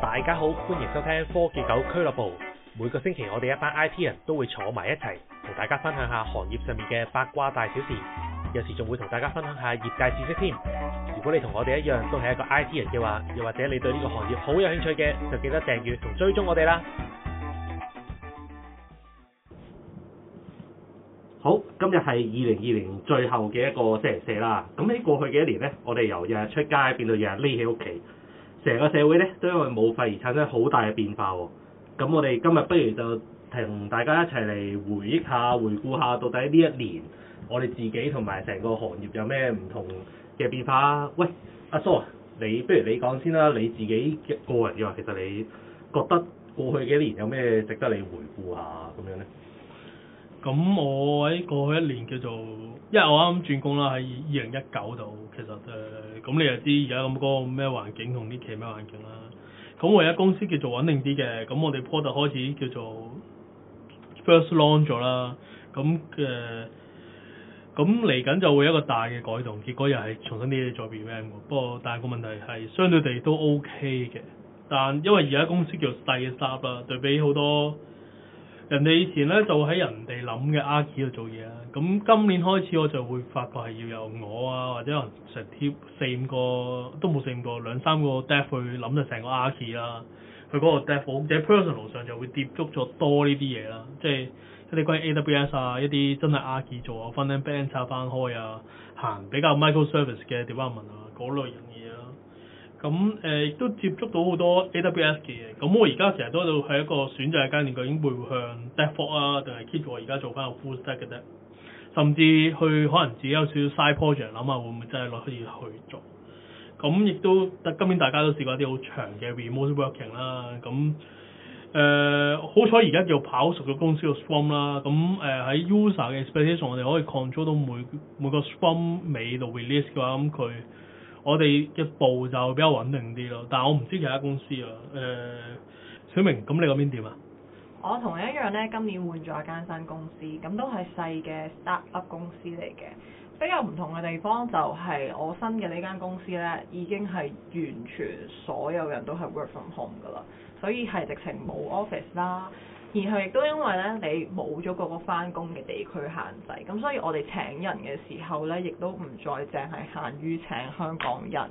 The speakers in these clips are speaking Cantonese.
大家好，歡迎收聽科技狗俱樂部。每個星期我哋一班 I T 人都會坐埋一齊，同大家分享下行業上面嘅八卦大小事，有時仲會同大家分享下業界知識添。如果你同我哋一樣都係一個 I T 人嘅話，又或者你對呢個行業好有興趣嘅，就記得訂閱同追蹤我哋啦。好，今日係二零二零最後嘅一個星期四啦。咁喺過去嘅一年呢，我哋由日日出街變到日日匿喺屋企。成個社會咧都因為冇廢而產生好大嘅變化喎、哦。咁我哋今日不如就同大家一齊嚟回憶下、回顧下，到底呢一年我哋自己同埋成個行業有咩唔同嘅變化。喂，阿蘇啊，你不如你講先啦，你自己嘅個人嘅話，其實你覺得過去幾年有咩值得你回顧下咁樣呢？咁我喺過去一年叫做，因為我啱啱轉工啦，喺二零一九度，其實、呃咁你又知而家咁多咩環境同呢期咩環境啦？咁我而家公司叫做穩定啲嘅，咁我哋 product 開始叫做 first launch 咗啦。咁誒，咁嚟緊就會一個大嘅改動，結果又係重新啲咗 brand 不過，但係個問題係相對地都 OK 嘅，但因為而家公司叫細嘅 step 啦，對比好多。人哋以前咧就喺人哋諗嘅 archi 度做嘢啦，咁今年開始我就會發覺係要由我啊，或者成 team 四五個都冇，四五個兩三個 dev a 去諗就成個 archi 啦。啊，佢嗰個 dev a 或者 personal 上就會接觸咗多呢啲嘢啦，即係一啲關於 AWS 啊，一啲真係 archi 做啊，分啲 band 翻開啊，行比較 microservice 嘅 development 啊嗰類人。咁誒亦都接觸到好多 AWS 嘅，咁我而家成日都喺一個選擇嘅階段，究竟會向 DevOps 啊，定係 keep 我而家做翻個 Full Stack 嘅啫？甚至去可能自己有少少 side project 諗下，想想會唔會真係落去去做？咁亦都今年大家都試過一啲、呃、好長嘅 remote working 啦，咁誒好彩而家叫跑熟咗公司 s、um, 個 Sprint 啦，咁誒喺 user 嘅 expectation 我哋可以 control 到每每個 Sprint 尾度 release 嘅話，咁佢。我哋嘅步就比較穩定啲咯，但係我唔知其他公司、呃、啊。誒，小明，咁你嗰邊點啊？我同你一樣呢，今年換咗一間新公司，咁都係細嘅 startup 公司嚟嘅。比較唔同嘅地方就係我新嘅呢間公司呢，已經係完全所有人都係 work from home 噶啦，所以係直情冇 office 啦。然後亦都因為咧，你冇咗嗰個返工嘅地區限制，咁所以我哋請人嘅時候咧，亦都唔再淨係限於請香港人。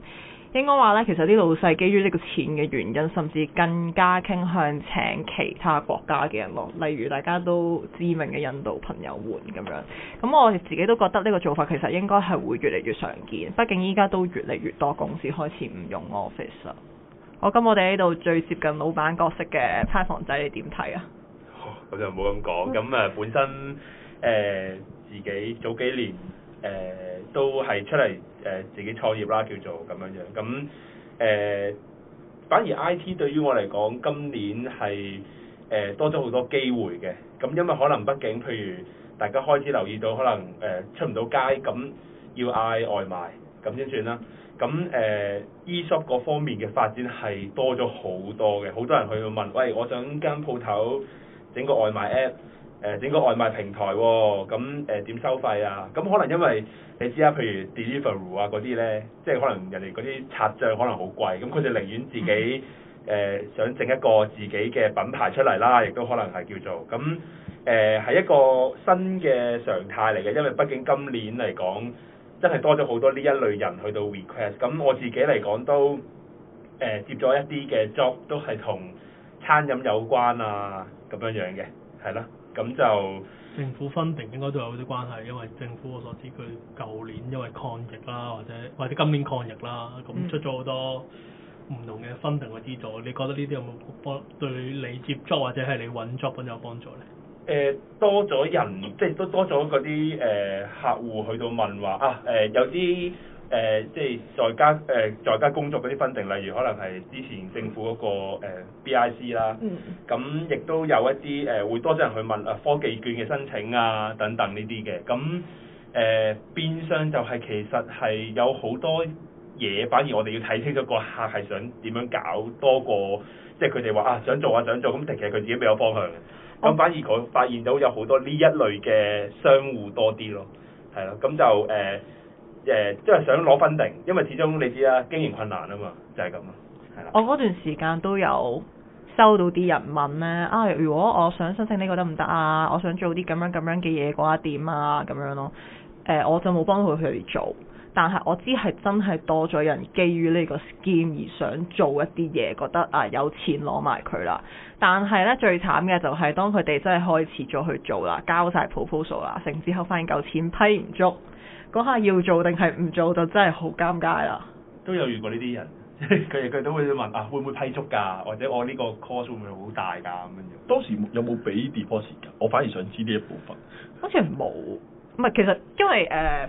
應該話咧，其實啲老細基於呢個錢嘅原因，甚至更加傾向請其他國家嘅人咯。例如大家都知名嘅印度朋友換咁樣，咁我亦自己都覺得呢個做法其實應該係會越嚟越常見。畢竟依家都越嚟越多公司開始唔用 office 啦。我咁我哋呢度最接近老闆角色嘅派房仔，你點睇啊？我就冇咁講，咁誒本身誒、呃、自己早幾年誒、呃、都係出嚟誒、呃、自己創業啦，叫做咁樣樣。咁誒、呃、反而 IT 對於我嚟講，今年係誒、呃、多咗好多機會嘅。咁因為可能畢竟，譬如大家開始留意到，可能誒、呃、出唔到街，咁要嗌外賣咁先算啦。咁誒、呃、E shop 嗰方面嘅發展係多咗好多嘅，好多人去問，喂，我想間鋪頭。整個外賣 App，誒、呃、整個外賣平台喎、哦，咁誒點收費啊？咁、嗯、可能因為你知啦，譬如 Deliveroo 啊嗰啲呢，即係可能人哋嗰啲拆賬可能好貴，咁佢哋寧願自己誒、呃、想整一個自己嘅品牌出嚟啦，亦都可能係叫做咁誒，係、嗯呃、一個新嘅常態嚟嘅，因為畢竟今年嚟講，真係多咗好多呢一類人去到 request、嗯。咁我自己嚟講都、呃、接咗一啲嘅 job，都係同餐飲有關啊，咁樣樣嘅，係咯，咁就政府分定 n d 應該都有啲關係，因為政府我所知佢舊年因為抗疫啦，或者或者今年抗疫啦，咁出咗好多唔同嘅分定嘅資助，嗯、你覺得呢啲有冇幫對你接 j 或者係你揾作品有幫助咧？誒、呃，多咗人，即係都多咗嗰啲誒客戶去到問話啊，誒、呃、有啲。誒、呃，即係在家誒、呃，在家工作嗰啲分定，例如可能係之前政府嗰個、呃、BIC 啦，咁亦、嗯嗯、都有一啲誒、呃、會多咗人去問誒、啊、科技券嘅申請啊等等呢啲嘅，咁誒變相就係其實係有好多嘢，反而我哋要睇清楚個客係想點樣搞多過，即係佢哋話啊想做啊，想做，啊想做，咁其實佢自己未有方向嘅，咁、嗯嗯、反而我發現到有好多呢一類嘅商戶多啲咯，係咯，咁就誒。嗯嗯嗯嗯嗯嗯誒，即係、呃就是、想攞分定，因為始終你知啦，經營困難啊嘛，就係咁啊。係啦，我嗰段時間都有收到啲人問咧，啊，如果我想申請呢個得唔得啊？我想做啲咁樣咁樣嘅嘢，嗰下點啊？咁樣咯，誒、呃，我就冇幫到佢去做。但係我知係真係多咗人基於呢個 scheme 而想做一啲嘢，覺得啊有錢攞埋佢啦。但係呢，最慘嘅就係當佢哋真係開始咗去做啦，交晒 proposal 啦，成之後發現夠錢批唔足，嗰下要做定係唔做就真係好尷尬啦。都有遇過呢啲人，佢哋佢都會問啊，會唔會批足㗎？或者我呢個 course 會唔會好大㗎？咁樣當時有冇俾 deposit 㗎？我反而想知呢一部分。好似冇。唔係其實因為誒。呃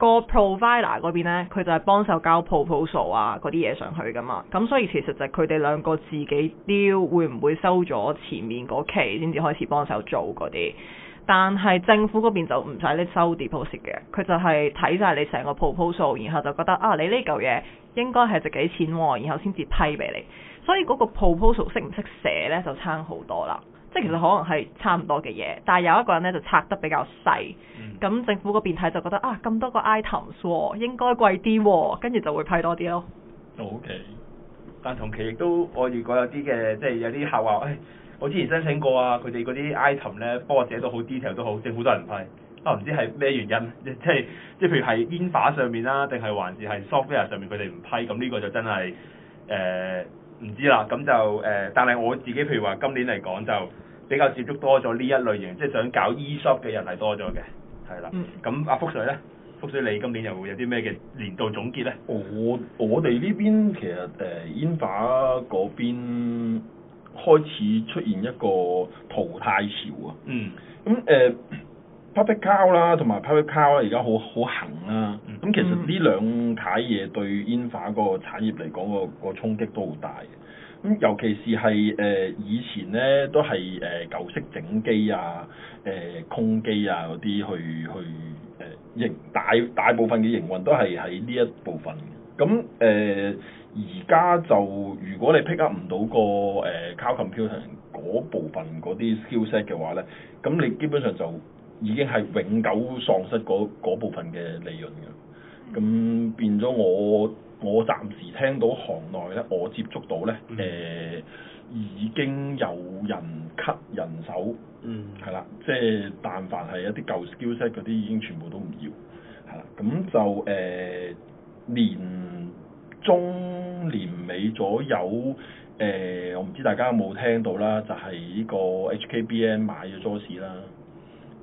個 provider 嗰邊呢，佢就係幫手交 proposal 啊嗰啲嘢上去噶嘛，咁所以其實就佢哋兩個自己 deal 會唔會收咗前面嗰期先至開始幫手做嗰啲，但係政府嗰邊就唔使你收 deposit 嘅，佢就係睇晒你成個 proposal，然後就覺得啊你呢嚿嘢應該係值幾錢、啊、然後先至批俾你，所以嗰個 proposal 識唔識寫呢，就差好多啦。即係其實可能係差唔多嘅嘢，但係有一個人咧就拆得比較細，咁、嗯、政府個變態就覺得啊咁多個 items 喎、哦，應該貴啲喎、哦，跟住就會批多啲咯。O、okay, K，但同期亦都我如果有啲嘅即係有啲客話，誒、哎、我之前申請過啊，佢哋嗰啲 item 咧幫我寫到好 detail 都好，政府都係唔批。我、啊、唔知係咩原因，即係即係譬如係煙花上面啦、啊，定係還是係 software 上面佢哋唔批，咁呢個就真係誒。呃唔知啦，咁就誒、呃，但係我自己譬如話今年嚟講就比較接觸多咗呢一類型，即係想搞 e-shop 嘅人係多咗嘅，係啦。咁阿、嗯嗯、福水咧，福水你今年又會有啲咩嘅年度總結咧？我我哋呢邊其實誒 Yinba 嗰邊開始出現一個淘汰潮啊、嗯嗯。嗯。咁、呃、誒。public cloud 啦，同埋 public cloud 而家好好行啦、啊。咁、嗯嗯、其實呢兩睇嘢對 infra 嗰個產業嚟講，嗰個、嗰個衝擊都好大嘅。咁尤其是係誒、呃、以前咧，都係誒、呃、舊式整機啊、誒、呃、控機啊嗰啲去去誒營、呃、大大部分嘅營運都係喺呢一部分，咁誒而家就如果你 pick up 唔到、嗰個誒 cloud computer 嗰部分嗰啲 skillset 嘅話咧，咁你基本上就～已經係永久喪失嗰部分嘅利潤㗎，咁變咗我我暫時聽到行內咧，我接觸到咧，誒、呃、已經有人 cut 人手，係啦、嗯，即係但凡係一啲舊 skillset 嗰啲已經全部都唔要，係啦，咁就誒年、呃、中年尾左右，誒、呃、我唔知大家有冇聽到啦，就係、是、呢個 HKBN 買咗 JOS 啦。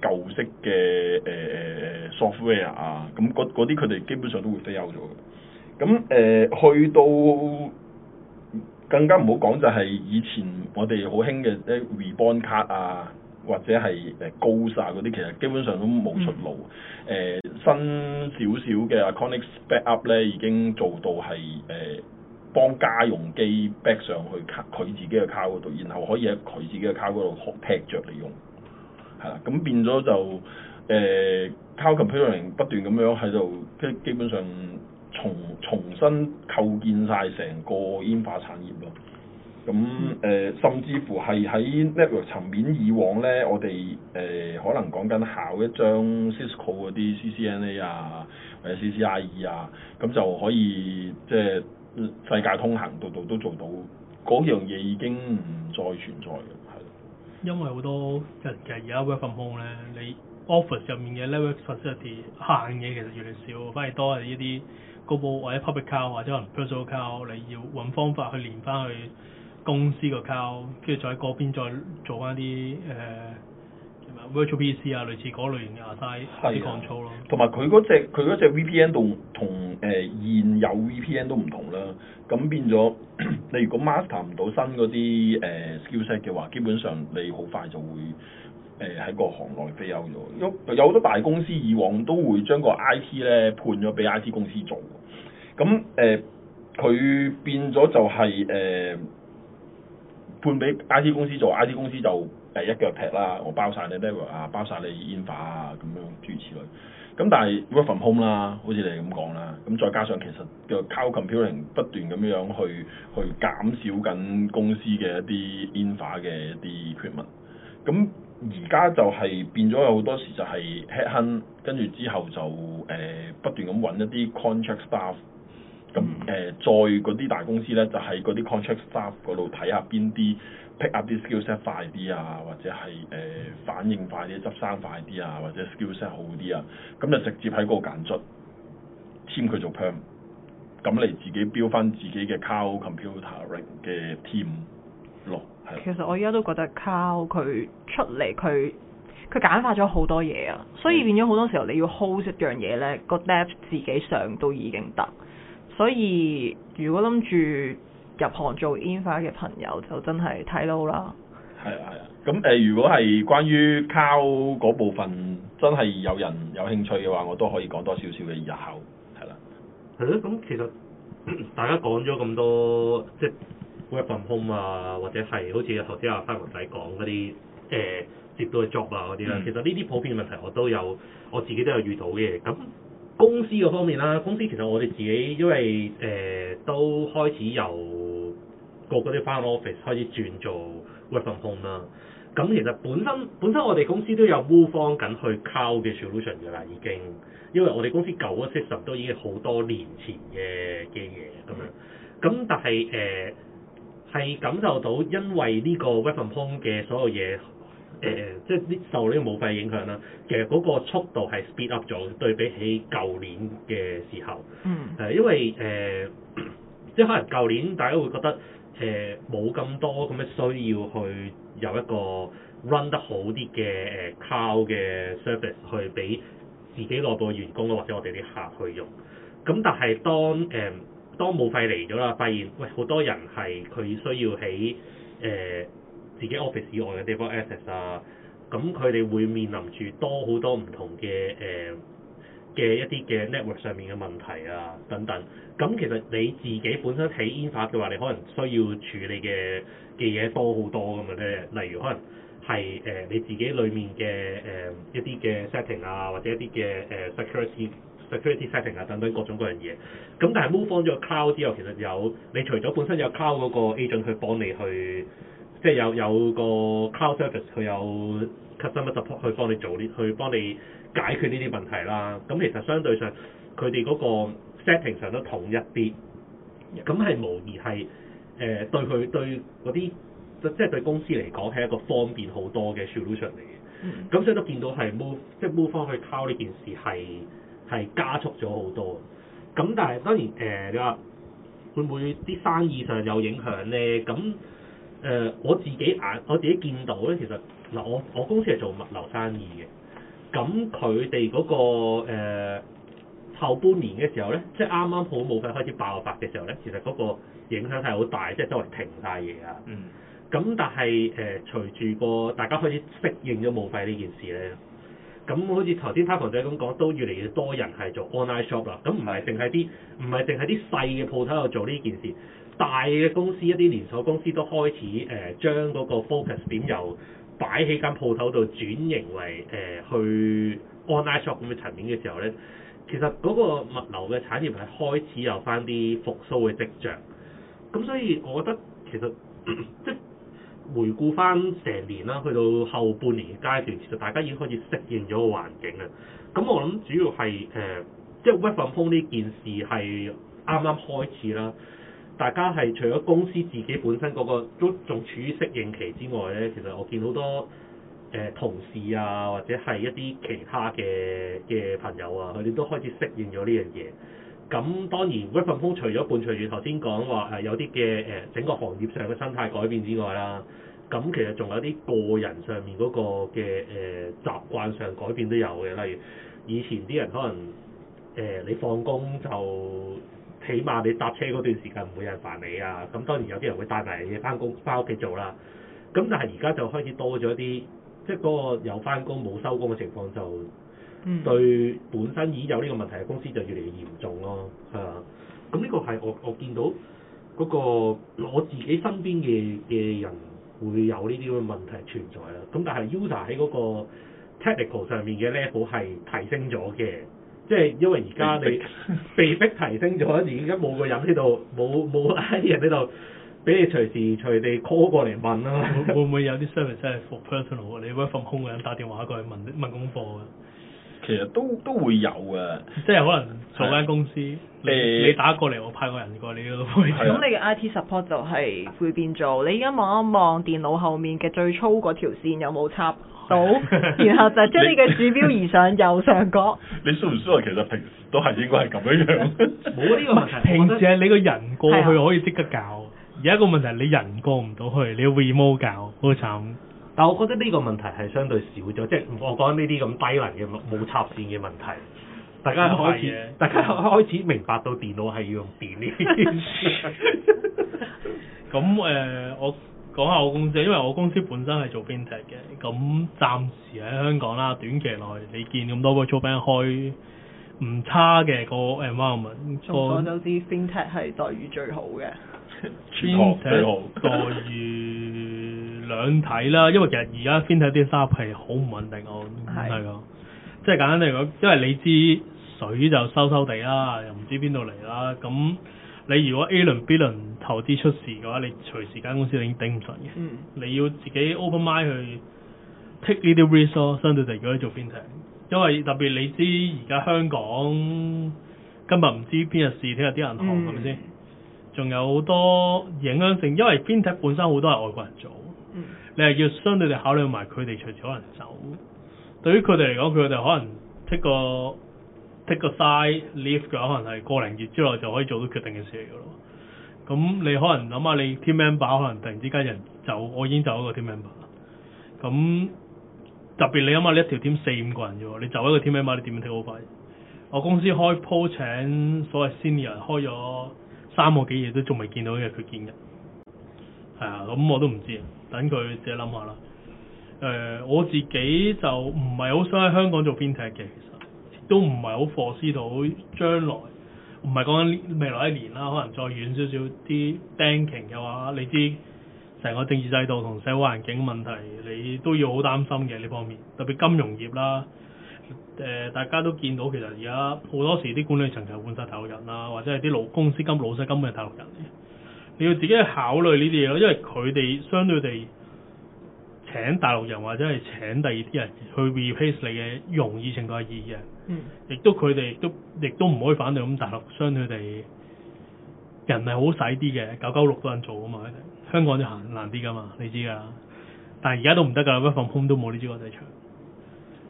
舊式嘅誒誒 software 啊，咁嗰啲佢哋基本上都會 fail 咗嘅。咁誒、呃、去到更加唔好講，就係以前我哋好興嘅啲 Reborn 卡啊，或者係誒 Ghost 嗰啲，其實基本上都冇出路。誒、嗯呃、新少少嘅 Acronis Backup 咧，已經做到係誒、呃、幫家用機 back 上去卡佢自己嘅卡嗰度，然後可以喺佢自己嘅卡嗰度踢着嚟用。係啦，咁變咗就誒，cloud、呃、computing 不斷咁樣喺度，基基本上重重新構建晒成個煙化產業咯。咁誒、呃，甚至乎係喺 network 層面，以往咧，我哋誒、呃、可能講緊考一張 Cisco 嗰啲 CCNA 啊，或者 CCIE 啊，咁就可以即係、就是、世界通行度度都，都做到。嗰樣嘢已經唔再存在。因為好多人其實其實而家 work from home 咧，你 office 入面嘅 network facility 限嘅其實越嚟越少，反而多係呢啲高部或者 public call 或者可能 personal call，你要揾方法去連翻去公司個 call，跟住再喺嗰邊再做翻啲誒，virtual PC 啊類似嗰類型嘅嘢嘅 control 咯。同埋佢嗰隻佢隻 VPN 同同誒現有 VPN 都唔同啦，咁變咗。 你如果 master 唔到新嗰啲誒、呃、skill set 嘅話，基本上你好快就會誒喺、呃、個行內飛魷咗。有好多大公司以往都會將個 I T 咧判咗俾 I T 公司做，咁誒佢變咗就係誒判俾 I T 公司做，I T 公司就誒、呃、一腳踢啦，我包晒你 network 啊，包晒你 infra 啊，咁樣諸如此類。咁但係 work from home 啦，好似你咁講啦，咁再加上其實叫 Cloud Computing 不斷咁樣去去減少緊公司嘅一啲 infra 嘅一啲缺問，咁而家就係變咗有好多時就係 head hunt，跟住之後就誒、呃、不斷咁揾一啲 contract staff，咁、嗯、誒、嗯、再嗰啲大公司咧就喺嗰啲 contract staff 嗰度睇下邊啲。pick up 啲 skill set 快啲啊，或者係誒反應快啲、執生快啲啊，或者 skill set 好啲啊，咁就直接喺嗰個揀擳，簽佢、mm. 做 perm，咁你自己標翻自己嘅 cloud computer rig 嘅 team 咯。係。其實我依家都覺得 cloud，佢出嚟，佢佢簡化咗好多嘢啊，所以變咗好多時候你要 hold 一樣嘢咧，個 dev 自己上都已經得。所以如果諗住，入行做 i 印花嘅朋友就真係睇到啦。係啊係啊，咁誒、呃，如果係關於 cow 嗰部分真係有人有興趣嘅話，我都可以講多少少嘅日後，係啦。係啊，咁其實、嗯、大家講咗咁多，即係 work from home 啊，或者係好似頭先阿三毛仔講嗰啲誒接到嘅 job 啊嗰啲啦，嗯、其實呢啲普遍嘅問題我都有，我自己都有遇到嘅。咁公司嗰方面啦，公司其實我哋自己因為誒、呃、都開始有。個嗰啲翻 office 開始轉做 work from home 啦，咁其實本身本身我哋公司都有 move on 緊去 cloud 嘅 solution 嘅啦，已經因為我哋公司舊嘅 system 都已經好多年前嘅嘅嘢咁樣，咁但係誒係感受到因為呢個 work from home 嘅所有嘢誒、呃，即係受呢個冇費影響啦，其實嗰個速度係 speed up 咗對比起舊年嘅時候，嗯、呃、誒，因為誒、呃、即係可能舊年大家會覺得。誒冇咁多咁嘅需要去有一個 run 得好啲嘅誒 cloud 嘅 service 去俾自己內部嘅員工咯，或者我哋啲客去用。咁但係當誒、呃、當無費嚟咗啦，發現喂，好多人係佢需要喺誒、呃、自己 office 以外嘅地方 access 啊，咁佢哋會面臨住多好多唔同嘅誒、呃嘅一啲嘅 network 上面嘅問題啊，等等，咁其實你自己本身喺 infrastructure 嘅話，你可能需要處理嘅嘅嘢多好多咁嘅咧。例如可能係誒、呃、你自己裡面嘅誒、呃、一啲嘅 setting 啊，或者一啲嘅誒 security security setting 啊等等各種各樣嘢。咁但係 move on 咗個 cloud 之後，其實有你除咗本身有 cloud 嗰個 agent 去幫你去，即係有有個 cloud service 佢有 customer support 去幫你做啲去幫你。解決呢啲問題啦，咁其實相對上佢哋嗰個 setting 上都統一啲，咁係無疑係誒、呃、對佢對嗰啲即係對公司嚟講係一個方便好多嘅 solution 嚟嘅。咁、嗯、所以都見到係 move 即係 move 返去 cloud 呢件事係係加速咗好多。咁但係當然誒、呃、你話會唔會啲生意上有影響咧？咁誒、呃、我自己眼我自己見到咧，其實嗱、呃、我我公司係做物流生意嘅。咁佢哋嗰個誒、呃、後半年嘅時候呢，即係啱啱好武肺開始爆發嘅時候呢，其實嗰個影響係好大，即係周圍停曬嘢啊。嗯。咁但係誒、呃，隨住個大家開始適應咗武肺呢件事呢，咁好似頭先 Patrick 咁講，都越嚟越多人係做 online shop 啦。咁唔係淨係啲唔係淨係啲細嘅鋪頭度做呢件事，大嘅公司一啲連鎖公司都開始誒、呃、將嗰個 focus 點由擺喺間鋪頭度轉型為誒、呃、去 online shop 咁嘅層面嘅時候咧，其實嗰個物流嘅產業係開始有翻啲復甦嘅跡象。咁所以我覺得其實、嗯、即係回顧翻成年啦，去到後半年嘅階段，其實大家已經開始適應咗個環境啦。咁我諗主要係誒、呃，即係 web phone 呢件事係啱啱開始啦。大家係除咗公司自己本身嗰、那個都仲處於適應期之外呢，其實我見好多誒、呃、同事啊，或者係一啲其他嘅嘅朋友啊，佢哋都開始適應咗呢樣嘢。咁當然，work from home 除咗伴隨住頭先講話係有啲嘅誒整個行業上嘅生態改變之外啦，咁其實仲有啲個人上面嗰個嘅誒、呃、習慣上改變都有嘅。例如以前啲人可能誒、呃、你放工就。起碼你搭車嗰段時間唔會有人煩你啊，咁當然有啲人會帶埋你翻工翻屋企做啦。咁但係而家就開始多咗啲，即係嗰個有翻工冇收工嘅情況，就對本身已有呢個問題嘅公司就越嚟越嚴重咯，係啊。咁呢個係我我見到嗰個我自己身邊嘅嘅人會有呢啲咁嘅問題存在啦。咁但係 user 喺嗰個 technical 上面嘅 level 係提升咗嘅。即係因為而家你被逼提升咗，而家冇個人喺度，冇冇啲人喺度俾你隨時隨地 call 過嚟問啦、啊，會唔會有啲 service 真係 for personal？你 work from home 個人打電話過嚟問問功課嘅？其實都都會有嘅，即係可能做間公司，的你你打過嚟，我派個人過你度。咁的你嘅 IT support 就係會變做，你而家望一望電腦後面嘅最粗嗰條線有冇插？到， 然後就將你嘅指標移上右上角。 你舒唔舒啊？其實平時都係應該係咁樣樣。冇呢個問題。平時係也你個人過去可以即刻搞。而家的一個問題係你人過唔到去，你要 remote 搞，好慘。但我覺得呢個問題係相對少咗，即、就、係、是、我講呢啲咁低能嘅冇插線嘅問題，大家開始， 大家開始明白到電腦係要用電。 咁、呃、誒，我。講下我公司，因為我公司本身係做 FinTech 嘅，咁暫時喺香港啦，短期內你見咁多個 job Bank 開唔差嘅個 environment。眾所周知，FinTech 係待遇最好嘅。 FinTech 待遇 兩睇啦，因為其實而家 FinTech 啲 job 係好唔穩定哦，係啊的，即係 簡單嚟講，因為你知水就收收地啦，又唔知邊度嚟啦，咁。你如果 A 輪 B 輪投資出事嘅話，你隨時間公司已經頂唔順嘅。嗯、你要自己 open mind 去 take 呢啲 risk 咯，相對地如果做 fintech，因為特別你知而家香港今日唔知邊日事，聽日啲銀行係咪先？仲、嗯、有好多影響性，因為 fintech 本身好多係外國人做。嗯、你係要相對地考慮埋佢哋隨時可能走。對於佢哋嚟講，佢哋可能 take 個。剔個 size lift 嘅可能係個零月之內就可以做到決定嘅事嚟嘅咯。咁你可能諗下，你 team member 可能突然之間人走，我已經走一個 team member。咁特別你諗下，你一條 team 四五個人啫喎，你走一個 team member，你點樣睇好快？我公司開 post 請所謂 senior 開咗三個幾月都仲未見到嘅佢見人。係啊，咁我都唔知，啊。等佢自己諗下啦。誒、呃，我自己就唔係好想喺香港做編劇嘅。都唔係好 foresee 到將來，唔係講緊未來一年啦，可能再遠少少啲 banking 嘅話，你啲成個政治制度同社會環境問題，你都要好擔心嘅呢方面。特別金融業啦，誒、呃、大家都見到其實而家好多時啲管理層其實換晒大陸人啦，或者係啲老公司金老細根本係大陸人嚟。你要自己去考慮呢啲嘢咯，因為佢哋相對地請大陸人或者係請第二啲人去 replace 你嘅容易程度係二嘅。嗯亦，亦都佢哋都亦都唔可以反對咁，大陸相佢哋人係好使啲嘅，九九六都肯做啊嘛，香港就行難啲噶嘛，你知噶。但係而家都唔得噶，Work From Home 都冇呢支國際場。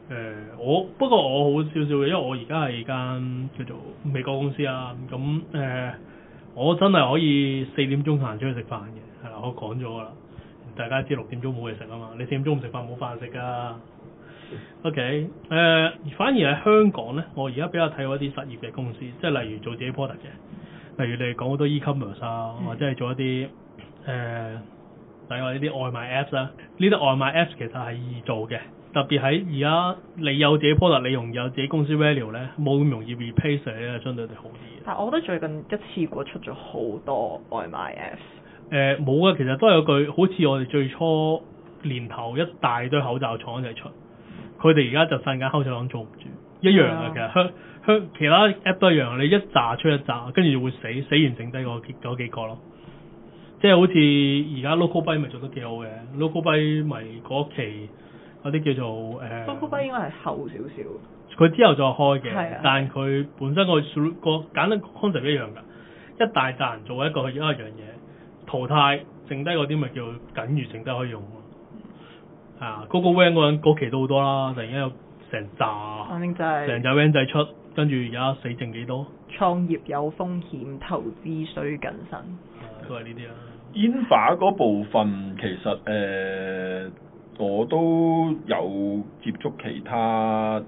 誒、呃，我不過我好少少嘅，因為我而家係間叫做美國公司啊，咁、嗯、誒、呃，我真係可以四點鐘行出去食飯嘅，係啦，我講咗噶啦，大家知六點鐘冇嘢食啊嘛，你四點鐘唔食飯冇飯食噶。OK，誒反而喺香港咧，我而家比較睇過一啲實業嘅公司，即係例如做自己 product 嘅，例如你哋講好多 e-commerce 啊，或者係做一啲誒，例如話呢啲外賣 Apps 啦、啊，呢啲外賣 Apps 其實係易做嘅，特別喺而家你有自己 product，你容易有自己公司 value 咧，冇咁容易 replace 相對地好啲。但係我覺得最近一次過出咗好多外賣 Apps。誒冇、呃、啊，其實都係嗰句，好似我哋最初年頭一大堆口罩廠就出。佢哋而家就剷間後台黨做唔住，一樣嘅。啊、其實香香其他 app 都一樣，你一炸出一炸，跟住就會死，死完剩低個嗰幾個咯。即係好似而家 LocalBy 咪做得幾好嘅，LocalBy 咪嗰期嗰啲叫做誒。LocalBy 應該係後少少。佢 之後再開嘅，但係佢本身個數、嗰個簡單 concept 一樣㗎，一大扎人做一個佢一，個一個樣嘢淘汰，剩低嗰啲咪叫緊餘剩低可以用。啊！嗰、那個 van 嗰陣嗰期都好多啦，突然間有成扎，成扎 van 仔出，跟住而家死剩幾多？創業有風險，投資需謹慎。都係呢啲啦。煙花嗰部分其實誒、呃，我都有接觸其他誒、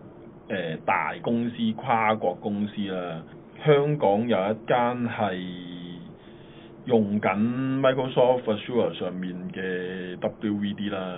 呃、大公司、跨國公司啦。香港有一間係用緊 Microsoft Azure 上面嘅 WVD 啦。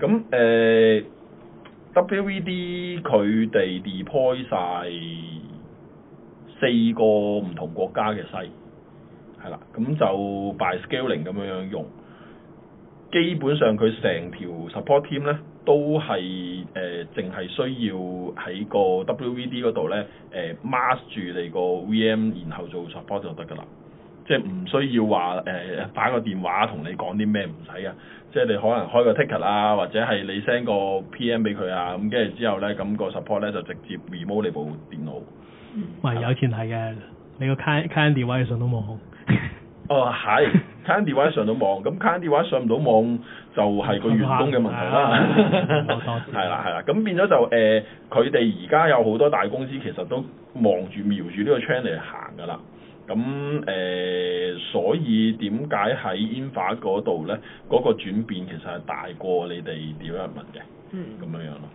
咁誒、呃、WVD 佢哋 deploy 曬四個唔同國家嘅勢，係啦，咁就 by scaling 咁樣樣用。基本上佢成條 support team 咧，都係誒，淨、呃、係需要喺個 WVD 嗰度咧，誒 mask 住你個 VM，然後做 support 就得㗎啦。即係唔需要話誒、呃、打個電話同你講啲咩唔使啊。即係你可能開個 ticket 啊，或者係你 send 個 PM 俾佢啊，咁跟住之後咧，咁個 support 咧就直接 remove 你部電腦。喂，有錢係嘅，你個 can can 電話上到網。哦係，can 電話上到網，咁 can 電話上唔到網就係個員工嘅問題啦。冇 錯。 係啦係啦，咁變咗就誒，佢哋而家有好多大公司其實都望住瞄住呢個 channel 嚟行㗎啦。咁誒、呃，所以點解喺煙花嗰度咧，嗰、那個轉變其實係大過你哋點、嗯、樣問嘅，咁樣樣咯。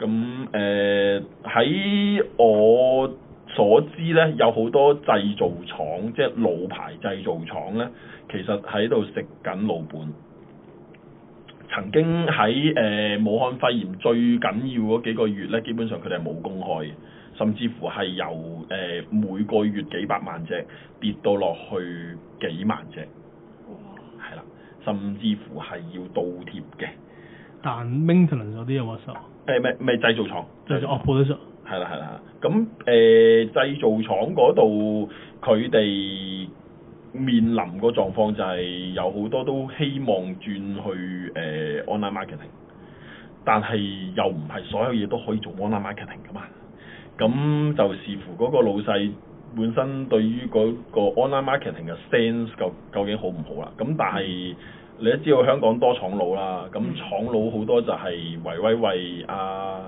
咁、呃、誒，喺我所知咧，有好多製造廠，即係老牌製造廠咧，其實喺度食緊老本。曾經喺誒、呃、武漢肺炎最緊要嗰幾個月咧，基本上佢哋係冇公開嘅。甚至乎係由誒、呃、每個月幾百萬隻跌到落去幾萬隻，係啦哇，甚至乎係要倒貼嘅。但 maintenance 有啲嘢話收誒咪咪製造廠製造哦，報底數係啦係啦，咁誒製造廠嗰度佢哋面臨個狀況就係有好多都希望轉去誒 online marketing，但係又唔係所有嘢都可以做 online marketing 㗎嘛。咁就視乎嗰個老細本身對於嗰個 online marketing 嘅 sense，究究竟好唔好啦？咁但係你都知道香港多廠佬啦，咁廠佬好多就係為威為阿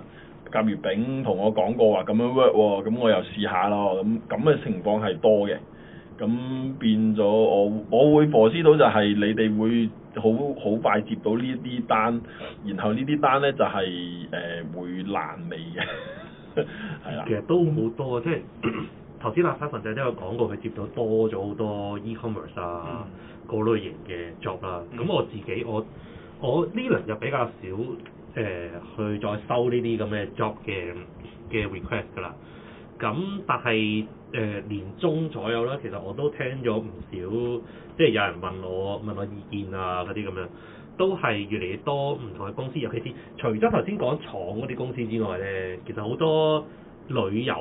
甲乙丙同我講過話咁樣 work 喎，咁我又試下咯。咁咁嘅情況係多嘅，咁變咗我我會 foresee 到就係你哋會好好快接到呢啲單，然後呢啲單呢就係、是、誒、呃、會爛尾嘅。 係啊， 是的 其實都好多，即係頭先垃圾神仔都有講過，佢接到多咗好多 e-commerce 啊嗰、嗯、類型嘅 job 啦。咁我自己我我呢輪就比較少誒、呃、去再收呢啲咁嘅 job 嘅嘅 request 㗎啦。咁但係誒、呃、年中左右啦，其實我都聽咗唔少，即係有人問我問我意見啊嗰啲咁樣。都係越嚟越多唔同嘅公司，尤其是除咗頭先講廠嗰啲公司之外呢，其實好多旅遊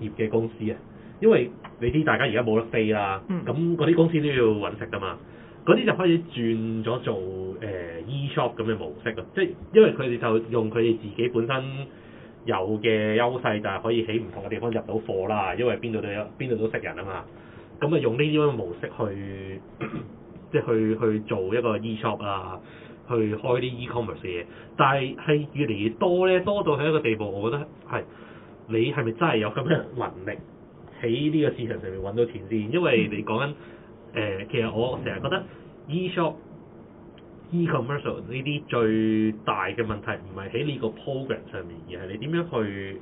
業嘅公司啊，因為你知大家而家冇得飛啦，咁嗰啲公司都要揾食噶嘛，嗰啲就開始轉咗做誒、呃、e shop 咁嘅模式啊，即係因為佢哋就用佢哋自己本身有嘅優勢，就係可以喺唔同嘅地方入到貨啦，因為邊度都有，邊度都識人啊嘛，咁啊用呢啲咁嘅模式去。 即係去去做一個 e-shop 啊，去開啲 e-commerce 嘅嘢，但係係越嚟越多咧，多到去一個地步，我覺得係你係咪真係有咁嘅能力喺呢個市場上面揾到錢先？因為你講緊誒，其實我成日覺得 e-shop e-commerce 呢啲最大嘅問題唔係喺呢個 program 上面，而係你點樣去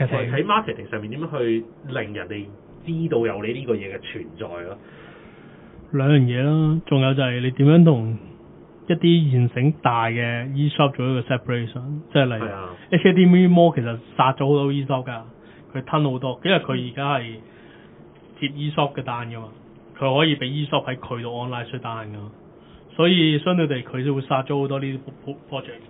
喺 marketing 上面點樣去令人哋知道有你呢個嘢嘅存在咯、啊。兩樣嘢啦，仲有就係你點樣同一啲現成大嘅 e-shop 做一個 separation，即係例如啊 HKTVmall 其實殺咗好多 e-shop 噶，佢吞好多，因為佢而家係接 e-shop 嘅單噶嘛，佢可以俾 e-shop 喺渠道 online 出單噶嘛，所以相對地佢就會殺咗好多呢啲 project。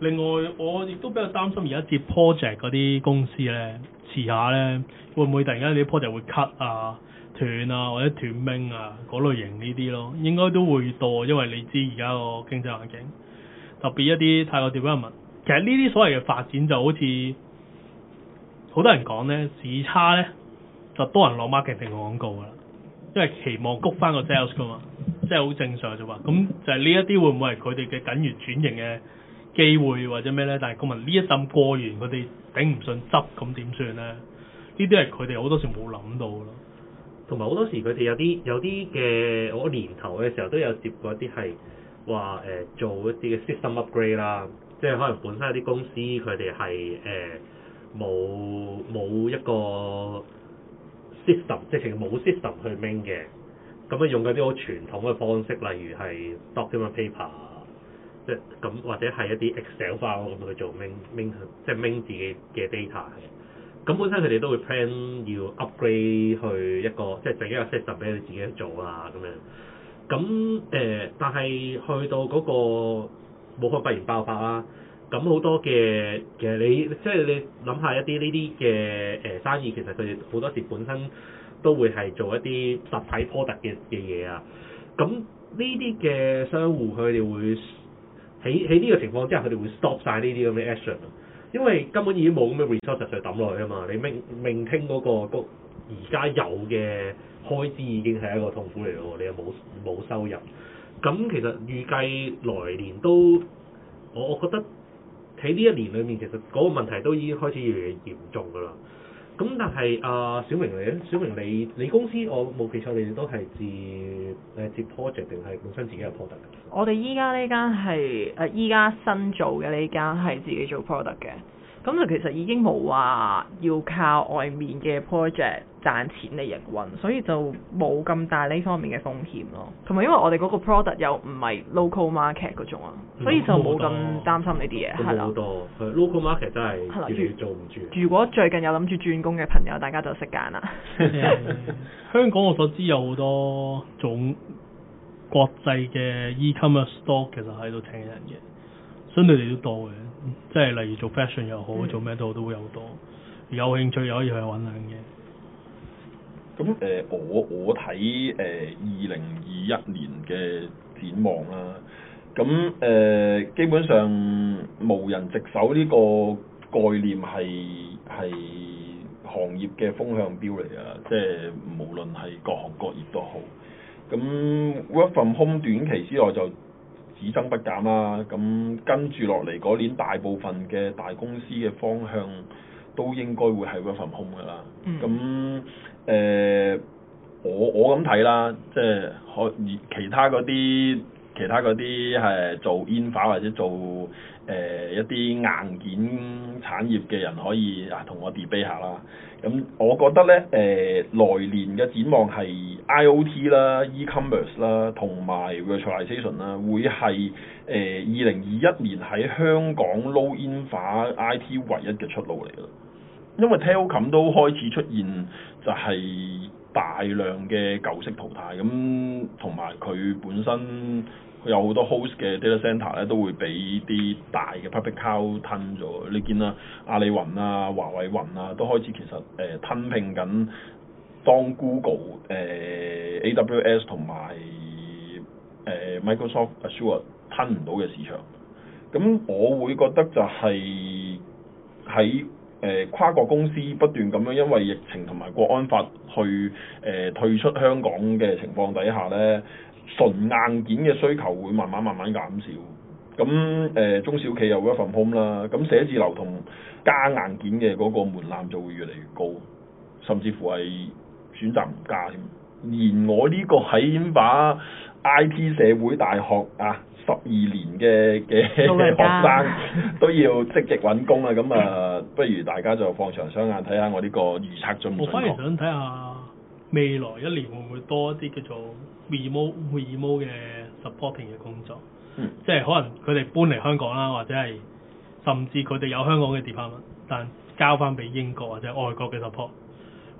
另外我亦都比較擔心而家接 project 嗰啲公司咧，遲下咧會唔會突然間啲 project 會 cut 啊？斷啊或者斷命啊嗰類型呢啲咯，應該都會多，因為你知而家個經濟環境，特別一啲泰國地區人民，其實呢啲所謂嘅發展就好似好多人講咧，市差咧就多人攞 marketing 廣告噶啦，因為期望谷翻個 sales 噶嘛，即係好正常啫嘛。咁就係呢一啲會唔會係佢哋嘅緊月轉型嘅機會或者咩咧？但係股民呢一陣過完佢哋頂唔順執咁點算咧？呢啲係佢哋好多時冇諗到咯。同埋好多時佢哋有啲有啲嘅我年頭嘅時候都有接過一啲係話誒做一啲嘅 system upgrade 啦，即係可能本身有啲公司佢哋係誒冇冇一個 system，即係冇 system 去 manage 嘅，咁啊用緊啲好傳統嘅方式，例如係 document paper，即係咁或者係一啲 excel file 咁去做 manage 即係 manage 自己嘅 data 嘅。咁本身佢哋都會 plan 要 upgrade 去一個即係整一個 set up 俾佢自己去做啦，咁樣。咁誒，但係去到嗰個武漢肺炎爆發啦，咁好多嘅其實你即係你諗下一啲呢啲嘅誒生意，其實佢哋好多時本身都會係做一啲實體 product 嘅嘅嘢啊。咁呢啲嘅商戶佢哋會喺喺呢個情況之下，佢哋會 stop 曬呢啲咁嘅 action。因為根本已經冇咁嘅 resource 再抌落去啊嘛，你命命聽嗰個個而家有嘅開支已經係一個痛苦嚟咯，你又冇冇收入，咁其實預計來年都，我我覺得喺呢一年裡面，其實嗰個問題都已經開始越嚟越嚴重噶啦。咁但係啊，小明你，咧，小明你你公司我冇記錯，你哋都係接誒接 project 定係本身自己有 product？我哋依家呢間係誒依家新做嘅呢間係自己做 product 嘅，咁就其實已經冇話要靠外面嘅 project。賺錢嚟營運，所以就冇咁大呢方面嘅風險咯。同埋因為我哋嗰個 product 又唔係 local market 嗰種啊，嗯、所以就冇咁擔心呢啲嘢係啦。冇好多，係 local market 真係住住，如果最近有諗住轉工嘅朋友，朋友大家就識揀啦。香港我所知有好多種國際嘅 e-commerce store, 其實喺度請人嘅，相對嚟都多嘅。即係例如做 fashion 又好，做咩都都會有好多。有興趣又可以去揾下嘅。咁誒我我睇誒二零二一年嘅展望啦，咁誒、呃、基本上無人值守呢個概念係係行業嘅風向標嚟啊！即係無論係各行各業都好，咁 work from home 短期之內就只增不減啦。咁跟住落嚟嗰年，大部分嘅大公司嘅方向都應該會係 work from home 噶啦。咁、嗯誒、呃，我我咁睇啦，即係可而其他嗰啲其他嗰啲係做 infra 或者做誒、呃、一啲硬件產業嘅人可以啊同我 debate 下啦。咁、嗯、我覺得咧誒、呃，來年嘅展望係 I O T 啦、e-commerce 啦，同埋 retailisation 啦，會係誒二零二一年喺香港撈 infra IT 唯一嘅出路嚟㗎。因為 telcom 都開始出現就係大量嘅舊式淘汰，咁同埋佢本身有好多 host 嘅 data centre 咧，都會俾啲大嘅 public cloud 吞咗。你見啦，阿里雲啊、華為雲啊，都開始其實誒、呃、吞併緊當 Google 誒、呃、AWS 同埋誒 Microsoft Azure 吞唔到嘅市場。咁我會覺得就係、是、喺。呃、跨國公司不斷咁樣因為疫情同埋國安法去誒、呃、退出香港嘅情況底下呢，純硬件嘅需求會慢慢慢慢減少。咁誒、呃、中小企又會一份 home 啦。咁寫字樓同加硬件嘅嗰個門檻就會越嚟越高，甚至乎係選擇唔加添。而我呢個喺把 I.T. 社會大學啊，十二年嘅嘅學生 都要積極揾工啊！咁啊，不如大家就放長雙眼睇下我呢個預測準唔準。我反而想睇下未來一年會唔會多一啲叫做 remote remote 嘅 supporting 嘅工作，嗯、即係可能佢哋搬嚟香港啦，或者係甚至佢哋有香港嘅 department，但交翻俾英國或者外國嘅 support。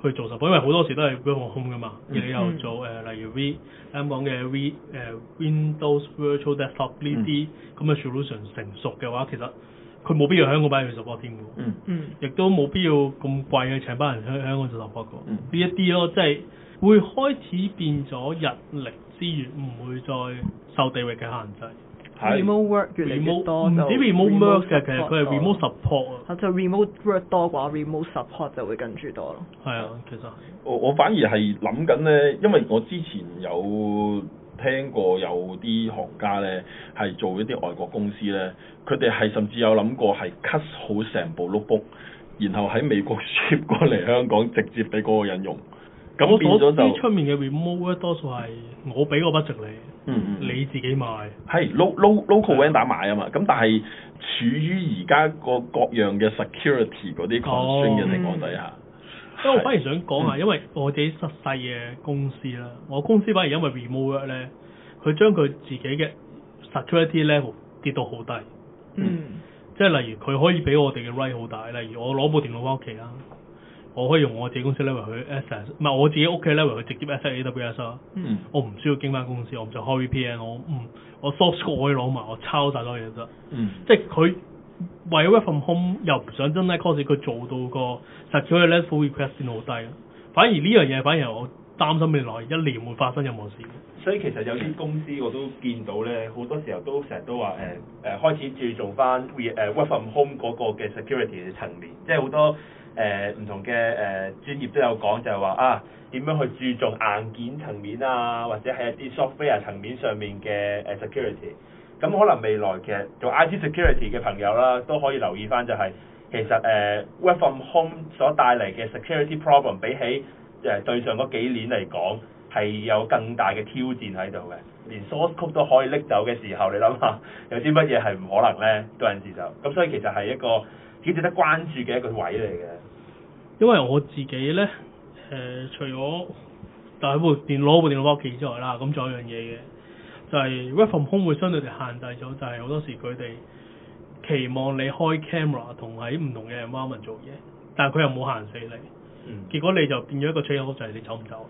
去做直播，因為好多時都係虛空㗎嘛。而你又做誒、呃，例如 V 香港嘅 V 誒、呃、Windows Virtual Desktop 呢啲咁嘅 solution 成熟嘅話，其實佢冇必要喺香港擺去直播添㗎。嗯嗯，亦都冇必要咁貴嘅請班人喺香港做直播個。呢一啲咯，即係會開始變咗人力資源唔會再受地域嘅限制。remote work 越嚟越多，唔、嗯、就 remote work 嘅，其實佢係 remote support 了啊。就 remote work 多嘅話，remote support 就會跟住多咯。係啊，其實我我反而係諗緊咧，因為我之前有聽過有啲行家咧係做一啲外國公司咧，佢哋係甚至有諗過係 cut 好成部 notebook，然後喺美國 ship 過嚟香港，直接俾嗰個人用。咁嗰啲出面嘅 remote 咧，多數係我俾個 budget 你，嗯，嗯，你自己買，係 lo lo local vendor 買啊嘛。咁但係處於而家個各樣嘅 security 嗰啲 concern 嘅情況底下，嗯、是因為我反而想講下，嗯、因為我自己實細嘅公司啦，我公司反而因為 remote 咧，佢將佢自己嘅 security level 跌到好低，嗯，嗯即係例如佢可以俾我哋嘅 right 好大，例如我攞部電腦翻屋企啦。我可以用我自己公司咧為去 access，唔係我自己屋企咧為去直接 access AWS 嗯。我唔需要經翻公司，我唔使開 VPN，我唔我 source code 可以攞埋，我抄晒多嘢啫。嗯。即係佢為咗 work from home，又唔想真係 cost 佢做到個實際嗰 level request 先好低。反而呢樣嘢，反而我擔心未來一年會發生任何事。所以其實有啲公司我都見到咧，好多時候都成日都話誒誒開始注重翻 work 誒 work from home 嗰個嘅 security 嘅層面，即係好多。誒唔、呃、同嘅誒、呃、專業都有講，就係話啊點樣去注重硬件層面啊，或者係一啲 software 層面上面嘅誒 security。咁、嗯嗯、可能未來其實做 IT security 嘅朋友啦，都可以留意返就係、是、其實誒、呃、web from home 所帶嚟嘅 security problem 比起誒、呃、對上嗰幾年嚟講係有更大嘅挑戰喺度嘅。連 source code 都可以拎走嘅時候，你諗下有啲乜嘢係唔可能咧？到人自走，咁，所以其實係一個幾值得關注嘅一個位嚟嘅。因為我自己咧，誒、呃、除咗就帶部電腦部電腦屋企之外啦，咁仲有樣嘢嘅，就係 work from home 會相對地限制咗，就係好多時佢哋期望你開 camera 同喺唔同嘅 moment 做嘢，但係佢又冇限死你。嗯。結果你就變咗一個 challenge 就係你走唔走，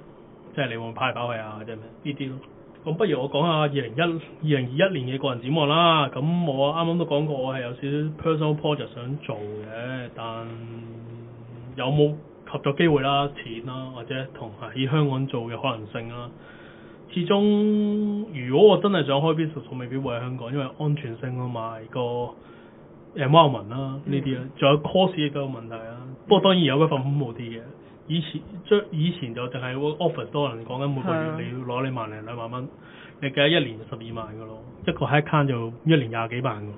即係你會唔會派翻去啊？或者咩呢啲咯。咁不如我講下二零一二零二一年嘅個人展望啦。咁我啱啱都講過我係有少少 personal project 想做嘅，但有冇合作機會啦、錢啦，或者同喺香港做嘅可能性啦。始終如果我真係想開 business，我未必會喺香港，因為安全性同埋個 environment 啦，呢啲啦，仲有 course 亦都有問題啊。不過當然有嘅話，好啲嘅。以前將以前就淨係個 offer 多人講緊每個月你要攞你萬零兩萬蚊，你計一年就十二萬噶咯，一個喺 account 就一年廿幾萬喎，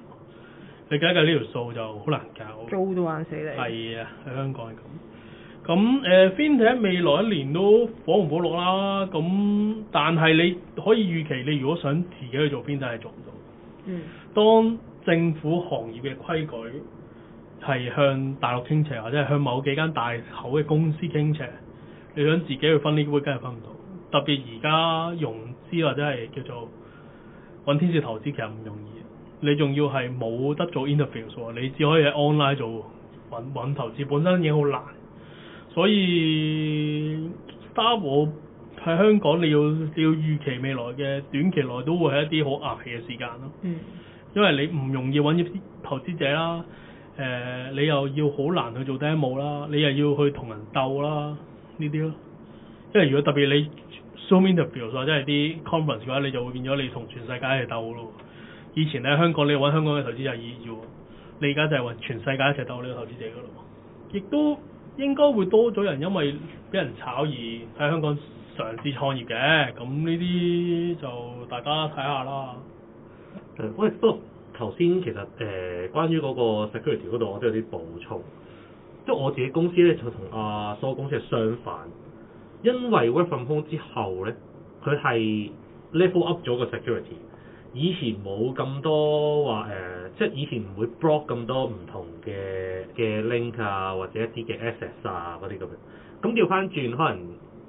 你計一計呢條數就好難搞。租都慘死你。係啊，喺香港係咁。咁誒、uh, Fintech 未來一年都火唔火落啦。咁但係你可以預期，你如果想自己去做 Fintech 係做唔到。嗯。當政府行業嘅規矩係向大陸傾斜，或者係向某幾間大口嘅公司傾斜。你想自己去分呢杯，梗係分唔到。特別而家融資或者係叫做揾天使投資，其實唔容易。你仲要係冇得做 interview 喎，你只可以喺 online 做，揾揾投資本身已經好難。所以 Star 喎，喺香港，你要要預期未來嘅短期內都會係一啲好捱嘅時間咯。嗯，因為你唔容易揾啲投資者啦。誒、呃，你又要好難去做 demo 啦，你又要去同人鬥啦，呢啲咯。即係如果特別你 show interview，或、啊、者係啲 conference 嘅話，你就會變咗你同全世界一齊鬥咯。以前喺香港你揾香港嘅投資、e、就易啲，你而家就係揾全世界一齊鬥呢個投資者噶咯。亦都應該會多咗人因為俾人炒而喺香港嘗試創業嘅，咁呢啲就大家睇下啦。喂，oh 頭先其實誒、呃，關於嗰個 security 嗰度，我都有啲補充。即係我自己公司咧，就同阿 So 公司係相反，因為 work from home 之後咧，佢係 level up 咗個 security。以前冇咁多話誒、呃，即係以前唔會 block 咁多唔同嘅嘅 link 啊，或者一啲嘅 access 啊嗰啲咁樣。咁調翻轉，可能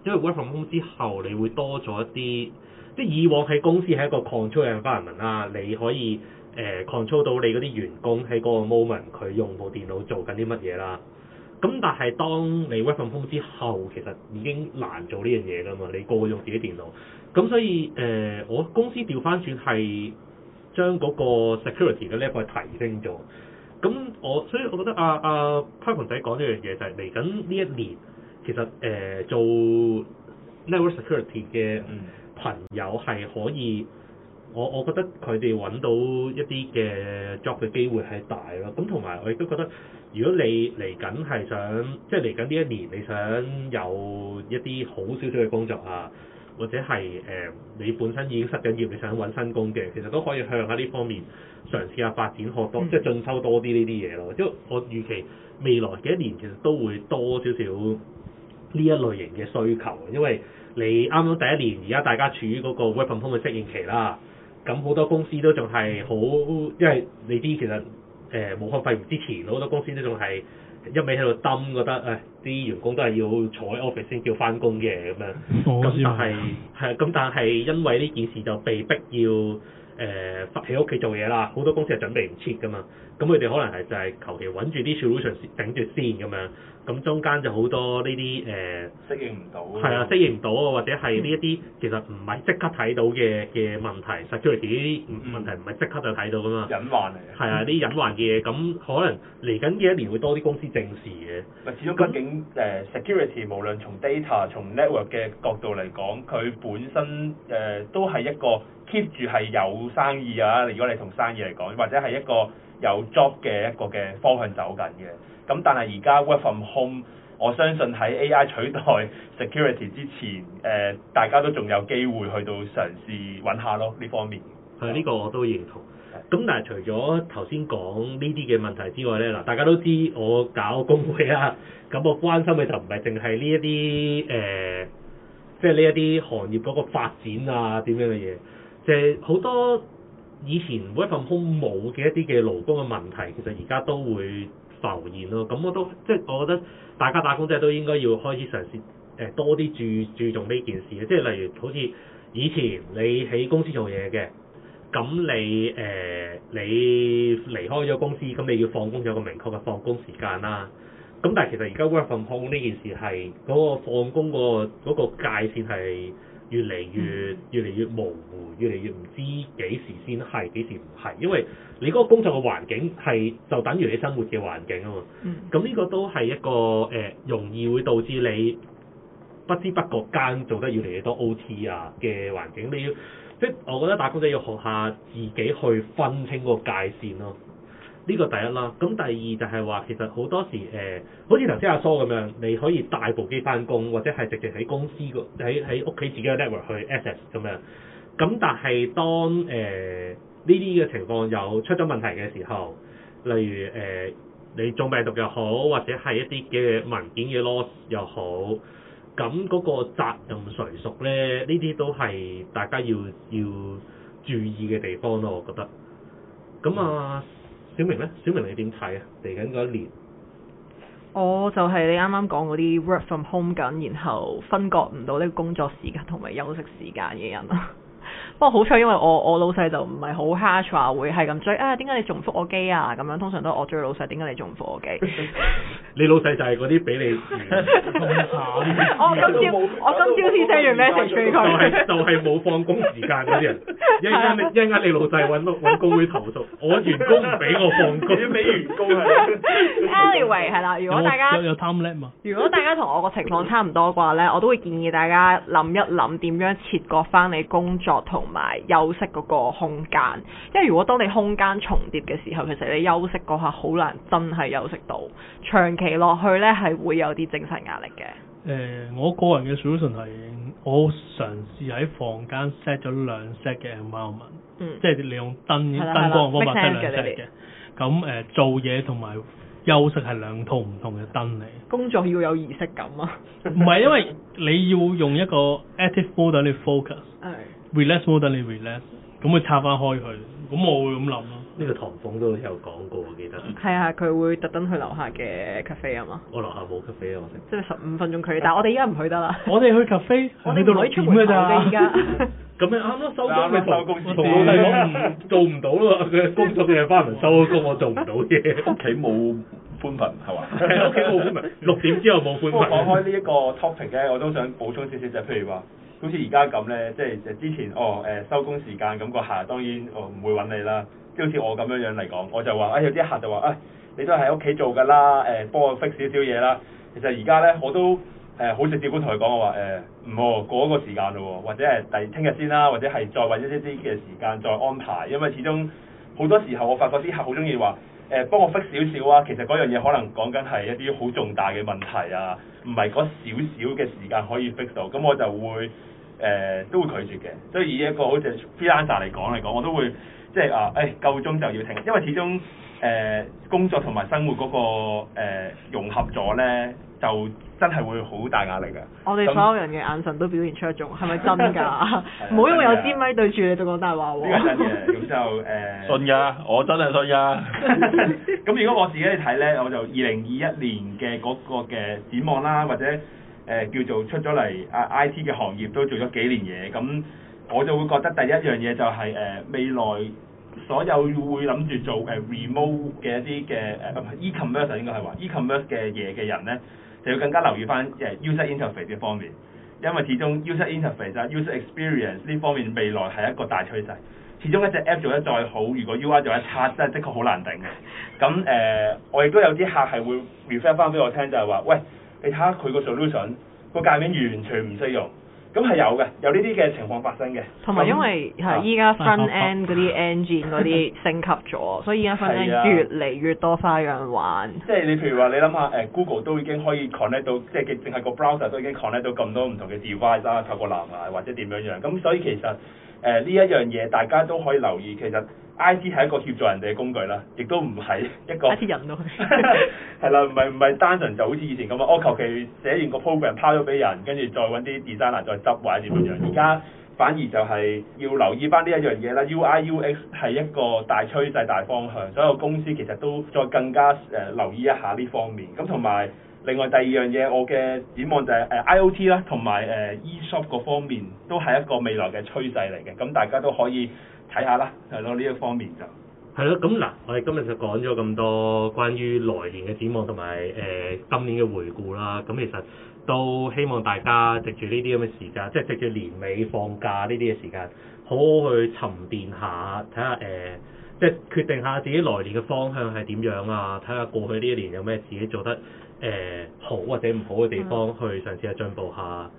因為 work from home 之後，你會多咗一啲，即係以往喺公司係一個 control environment 嘅範圍啦，你可以。誒 control、呃、到你嗰啲員工喺嗰個 moment 佢用部電腦做緊啲乜嘢啦，咁但係當你 work from home 之後，其實已經難做呢樣嘢噶嘛，你個個用自己電腦，咁所以誒、呃，我公司調翻轉係將嗰個 security 嘅 level 提升咗，咁我所以我覺得阿阿潘文仔講呢樣嘢就係嚟緊呢一年，其實誒、呃、做 network security 嘅朋友係可以。我我覺得佢哋揾到一啲嘅 job 嘅機會係大咯，咁同埋我亦都覺得，如果你嚟緊係想，即係嚟緊呢一年你想有一啲好少少嘅工作啊，或者係誒、呃、你本身已經失緊業，你想揾新工嘅，其實都可以向下呢方面嘗試下發展，學多、嗯、即係進修多啲呢啲嘢咯。因為我預期未來幾年其實都會多少少呢一類型嘅需求，因為你啱啱第一年而家大家處於嗰個 web and phone 嘅適應期啦。咁好多公司都仲係好，因為你知其實，誒、呃，武漢肺炎之前，好多公司都仲係一味喺度蹲，覺得誒，啲員工都係要坐喺 office 先叫翻工嘅咁樣。咁但係，係咁，但係，因為呢件事就被逼要。誒翻、呃、喺屋企做嘢啦，好多公司係準備唔切㗎嘛，咁佢哋可能係就係求其揾住啲 solution 先頂住先咁樣，咁中間就好多呢啲誒適應唔到，係啊適應唔到啊，嗯、或者係呢一啲其實唔係即刻睇到嘅嘅問題，security 啲問題唔係即刻就睇到噶嘛，隱患嚟，嘅的，係啊啲隱患嘅嘢，咁可能嚟緊嘅一年會多啲公司正視嘅。咪始終畢竟誒、呃、security 無論從 data 從 network 嘅角度嚟講，佢本身誒、呃、都係一個。Keep 住係有生意啊！如果你同生意嚟講，或者係一個有 job 嘅一個嘅方向走緊嘅，咁但係而家 work from home，我相信喺 AI 取代 security 之前，誒、呃、大家都仲有機會去到嘗試揾下咯呢方面。係呢是、嗯、呢個我都認同。咁是但係除咗頭先講呢啲嘅問題之外呢，嗱大家都知我搞工會啦，咁我關心嘅就唔係淨係呢一啲誒，即係呢一啲行業嗰個發展啊點樣嘅嘢。就好多以前 work from home 冇嘅一啲嘅勞工嘅問題，其實而家都會浮現咯。咁我都即係我覺得大家打工真係都應該要開始嘗試誒多啲注注重呢件事，即係例如好似以前你喺公司做嘢嘅，咁你誒、呃、你離開咗公司，咁你要放工有個明確嘅放工時間啦。咁但係其實而家 work from home 呢件事係嗰、嗰個放工、那個嗰、嗰個界線係越嚟越越嚟越模糊，越嚟越唔知幾時先係，幾時唔係，因為你嗰個工作嘅環境係就等於你生活嘅環境啊嘛。咁呢個都係一個誒、呃，容易會導致你不知不覺間做得越嚟越多 OT 啊嘅環境。你要即係我覺得打工仔要學下自己去分清個界線咯、啊。呢個第一啦，咁第二就係話其實好多時誒、呃，好似頭先阿蘇咁樣，你可以帶部機返工，或者係直接喺公司個喺喺屋企自己嘅 level 去 access 咁樣。咁但係當誒呢啲嘅情況又出咗問題嘅時候，例如誒、呃、你中病毒又好，或者係一啲嘅文件嘅 loss 又好，咁嗰個責任誰屬咧？呢啲都係大家要要注意嘅地方咯，我覺得。咁啊～、嗯小明咧，小明你點睇啊？嚟緊嗰一年，我就係你啱啱講嗰啲 work from home 緊，然後分割唔到呢個工作時間同埋休息時間嘅人啊。 不過好彩，因為我我老細就唔係好 hard 話，會係咁追啊，點解你仲唔覆我機啊？咁樣通常都我追老細，點解你仲唔覆我機？ 你老細就係嗰啲俾你慘， 我今朝早我今朝先 send 完 message 俾佢，就係就係冇放工時間嗰啲人， 一陣間一陣間你老細揾揾工會投訴， 我員工唔俾我放工，俾員工啊。Anyway 係啦，如果大家有 t i m e 有 time lag 嘛，如果大家同我個情況差唔多嘅話咧，我都會建議大家諗一諗點樣切割翻你工作同同埋休息嗰個空間，因為如果當你空間重疊嘅時候，其實你休息嗰下好難真係休息到，長期落去咧係會有啲精神壓力嘅。誒、呃，我個人嘅 solution 係我嘗試喺房間 set 咗兩 set 嘅 moment，即係利用燈燈、嗯、光嘅方法 set 兩 set 嘅、嗯。咁誒做嘢同埋休息係兩套唔同嘅燈嚟。工作要有儀式感啊！唔 係，因為你要用一個 active mode 嚟 focus、嗯。relax mode y relax，咁佢拆翻開佢，咁我會咁諗咯。呢個唐鳳都有講過，我記得。係啊，佢會特登去樓下嘅 cafe 啊嘛。我樓下冇 cafe 啊，我識。即係十五分鐘距離，但係我哋依家唔去得啦。我哋去 cafe， 我哋到六點㗎咋。咁又啱咯，收工未收工先。我同你講唔做唔到咯，佢工作嘅翻嚟收工， 收工我做唔到嘢。屋企冇寬頻係嘛？屋企冇寬頻。六點之後冇寬頻。不過講開呢一個 topic 咧，我都想補充少少就譬如話。好似而家咁呢，即係之前哦誒收工時間咁、那個客，當然我唔會揾你啦。即好似我咁樣樣嚟講，我就話啊、哎，有啲客就話啊、哎，你都係喺屋企做㗎啦，誒、呃、幫我 fix 少少嘢啦。其實而家呢，我都誒、呃、好直接咁同佢講，我話誒唔好過一個時間咯，或者係第聽日先啦，或者係再揾一啲啲嘅時間再安排，因為始終好多時候我發覺啲客好中意話誒幫我 fix 少少啊，其實嗰樣嘢可能講緊係一啲好重大嘅問題啊。唔係嗰少少嘅時間可以 fit 到，咁我就會誒、呃、都會拒絕嘅。所以以一個好似 freelancer 嚟講，嚟講我都會即係啊，誒夠鍾就要停，因為始終誒、呃、工作同埋生活嗰、嗰個誒、呃、融合咗咧就。真係會好大壓力嘅。我哋所有人嘅眼神都表現出一種係咪真㗎？唔好 因為有支咪對住你就講大話喎。呢個係嘅，咁就誒。 呃、信㗎，我真係信㗎。咁 如果我自己去睇呢，我就二零二一年嘅嗰個嘅展望啦，或者誒、呃、叫做出咗嚟啊 I T 嘅行業都做咗幾年嘢，咁我就會覺得第一樣嘢就係、是、誒、呃、未來所有會諗住做誒 remote 嘅一啲嘅誒唔係、呃、e-commerce 應該係話 e-commerce 嘅嘢嘅人呢。就要更加留意翻誒 user interface 呢方面，因為始終 user interface 啊 user experience 呢方面未來係一個大趨勢。始終一隻 app 做得再好，如果 UI 做一差，真係的確好難頂嘅。咁誒、呃，我亦都有啲客係會 refer 翻俾我聽，就係、是、話：喂，你睇下佢個 solution 個界面完全唔使用。咁係有嘅，有呢啲嘅情況發生嘅，同埋還有 那因為係依家 front end 嗰啲 engine 嗰啲升級咗， 所以依家 front end 越嚟越多花樣玩。啊、即係你譬如話，你諗下誒 Google 都已經可以 connect 到，即係淨係個 browser 都已經 connect 到咁多唔同嘅 device 啦、啊，透過藍牙或者點樣樣，咁所以其實誒呢一樣嘢大家都可以留意，其實。I T 係一個協助人哋嘅工具啦，亦都唔係一個。I T 人咯。係啦，唔係唔係單純就好似以前咁啊！我求其寫完個 program 拋咗俾人，跟住再揾啲 designer 再執或者點樣樣。而家反而就係要留意翻呢一樣嘢啦。U I U X 係一個大趨勢、大方向，所有公司其實都再更加誒、呃、留意一下呢方面。咁同埋另外第二樣嘢，我嘅展望就係、是、誒、呃、I O T 啦，同埋誒 e shop 嗰方面都係一個未來嘅趨勢嚟嘅。咁大家都可以，睇下啦，係咯呢一方面就係咯。咁嗱， 我哋今日就講咗咁多關於來年嘅展望同埋誒今年嘅回顧啦。咁、嗯、其實都希望大家藉住呢啲咁嘅時間，即係藉住年尾放假呢啲嘅時間，好好去沉澱下，睇下誒，即係決定下自己來年嘅方向係點樣啊！睇下過去呢一年有咩自己做得誒、呃、好或者唔好嘅地方，去嘗試去進步下。嗯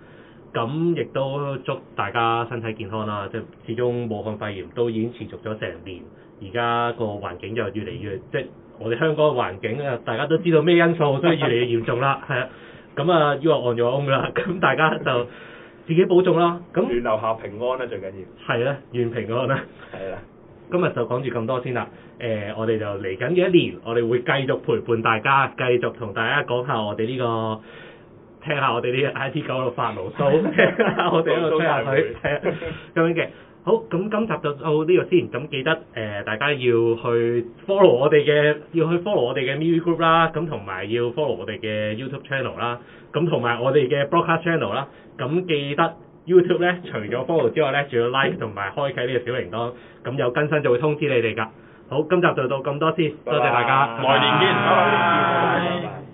咁亦都祝大家身體健康啦！即係始終武漢肺炎都已經持續咗成年，而家個環境就越嚟越，即係我哋香港嘅環境啊！大家都知道咩因素都越越，所 以越嚟越嚴重啦。係啊，咁啊要學按住按噶啦，咁大家就自己保重啦。咁願留下平安啦，最緊要係啦，願平安啦。係啦的，今日就講住咁多先啦。誒、呃，我哋就嚟緊嘅一年，我哋會繼續陪伴大家，繼續同大家講下我哋呢、這個。聽下我哋呢啲 I T 九喺度發牢騷，我哋喺度吹下水、 嗯嗯嗯，聽咁樣嘅。好，咁今集就到呢度先。咁記得誒、呃，大家要去 follow 我哋嘅，要去 follow 我哋嘅 M V Group 啦。咁同埋要 follow 我哋嘅 YouTube Channel 啦。咁同埋我哋嘅 Broadcast Channel 啦。咁記得 YouTube 咧，除咗 follow 之外咧，仲要 like 同埋開啟呢個小鈴鐺。咁有更新就會通知你哋㗎。好，今集就到咁多先，多謝大家，來年見。